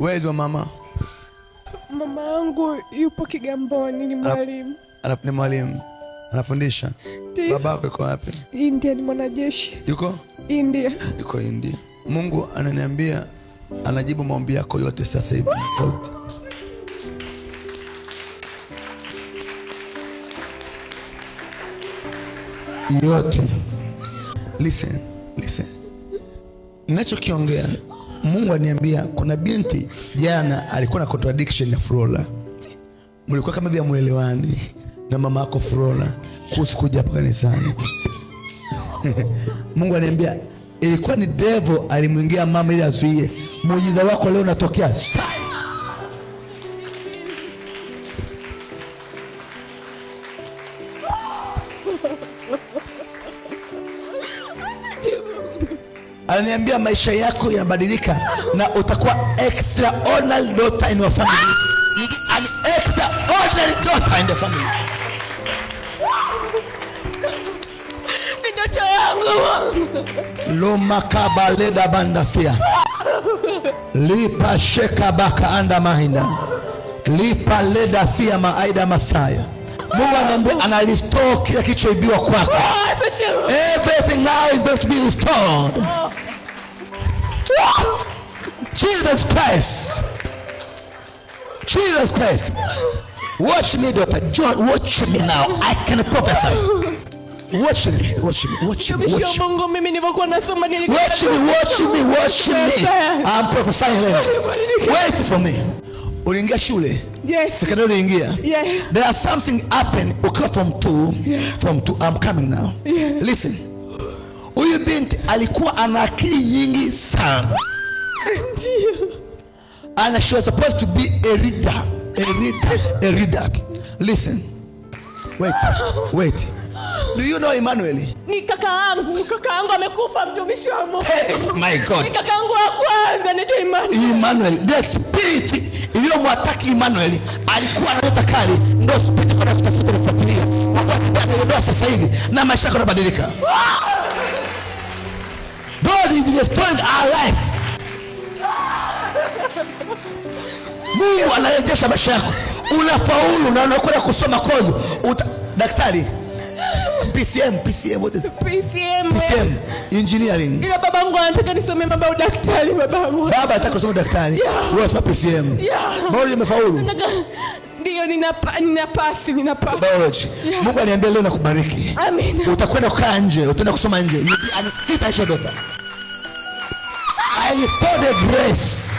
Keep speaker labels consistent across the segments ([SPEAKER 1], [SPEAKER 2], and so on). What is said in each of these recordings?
[SPEAKER 1] your mama,
[SPEAKER 2] mama yangu yupo Kigamboni, ni mwalimu
[SPEAKER 1] ni mwalimu anafundisha. Baba yako yuko wapi?
[SPEAKER 2] India, ni mwanajeshi. Yuko India,
[SPEAKER 1] yuko India. Mungu ananiambia anajibu maombi yako yote sasa hivi yote. Listen, listen ninachokiongea Mungu aniambia, kuna binti jana alikuwa na contradiction ya Flora, mlikuwa kama vya mwelewani na mama yako Flora kuhusu kuja hapa kanisani. Mungu aniambia ilikuwa ni devil alimwingia mama ili azuie muujiza wako leo unatokea. Ananiambia maisha yako yanabadilika na utakuwa extraordinary daughter in your family. An extraordinary daughter in the family.
[SPEAKER 2] Ndoto yangu.
[SPEAKER 1] Loma kabaleda bandasia. Lipa sheka baka anda mahinda. Lipa leda sia maaida masaya. Mungu anambia anarestore kile kichoibiwa kwako. and now is going to be restored. Jesus Christ. Jesus Christ. Watch me, Dr. John. Watch me now. I can prophesy. Watch me, watch me, watch me. Watch me, watch me, watch me. watch me. I'm prophesying. Wait for me. Uliingia shule yes. sekondari uliingia yeah. there are something happen ukiwa from two yeah. from two I'm coming now yeah. listen Huyu binti alikuwa ana akili nyingi sana. ndio ana she was supposed to be a reader. A reader. A reader. Listen. Wait. Wait. Do you know Emmanuel?
[SPEAKER 2] Ni kaka yangu. Kaka yangu amekufa mtumishi wa Mungu. Hey, my God. Ni kaka yangu wa
[SPEAKER 1] kwanza anaitwa Emmanuel. Emmanuel. The spirit iliyomwataki Emmanuel alikuwa analeta kali, ndio spirit kwa kutafuta kufuatilia. Sasa hivi na maisha yako yanabadilika. Ah! God is restoring our life. Mungu anarejesha maisha yako, unafaulu na unakwenda kusoma kozi uta, daktari PCM, PCM, what is it?
[SPEAKER 2] PCM,
[SPEAKER 1] PCM, engineering.
[SPEAKER 2] Ila baba babangu anataka nisome mambo ya daktari baba babangu.
[SPEAKER 1] Baba anataka kusoma daktari. Wewe unasoma PCM. Yeah. Mbona umefaulu?
[SPEAKER 2] Ndio, nina nina pasi, nina pasi.
[SPEAKER 1] Biology. Mungu aniambia leo nakubariki. Amen. Utakwenda kukaa nje, utaenda kusoma nje. Itaisha dota. I restore the grace.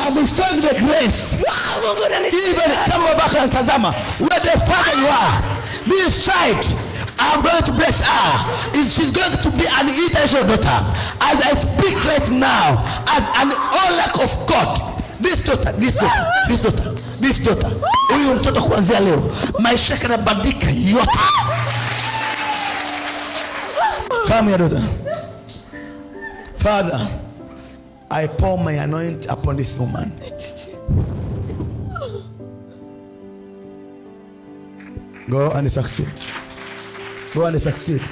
[SPEAKER 1] I'm restoring the grace. Even kama baba tazama where the father you are, Be child, I'm going to bless her. She's going to be an international daughter. As I speak right now, as an oracle of God, this daughter, this daughter, this daughter, this daughter, huyu mtoto kuanzia leo maisha yake yanabadilika yote. Come here daughter. Father, I pour my anointing upon this woman. Go and succeed. Go and succeed.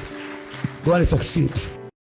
[SPEAKER 1] Go and succeed.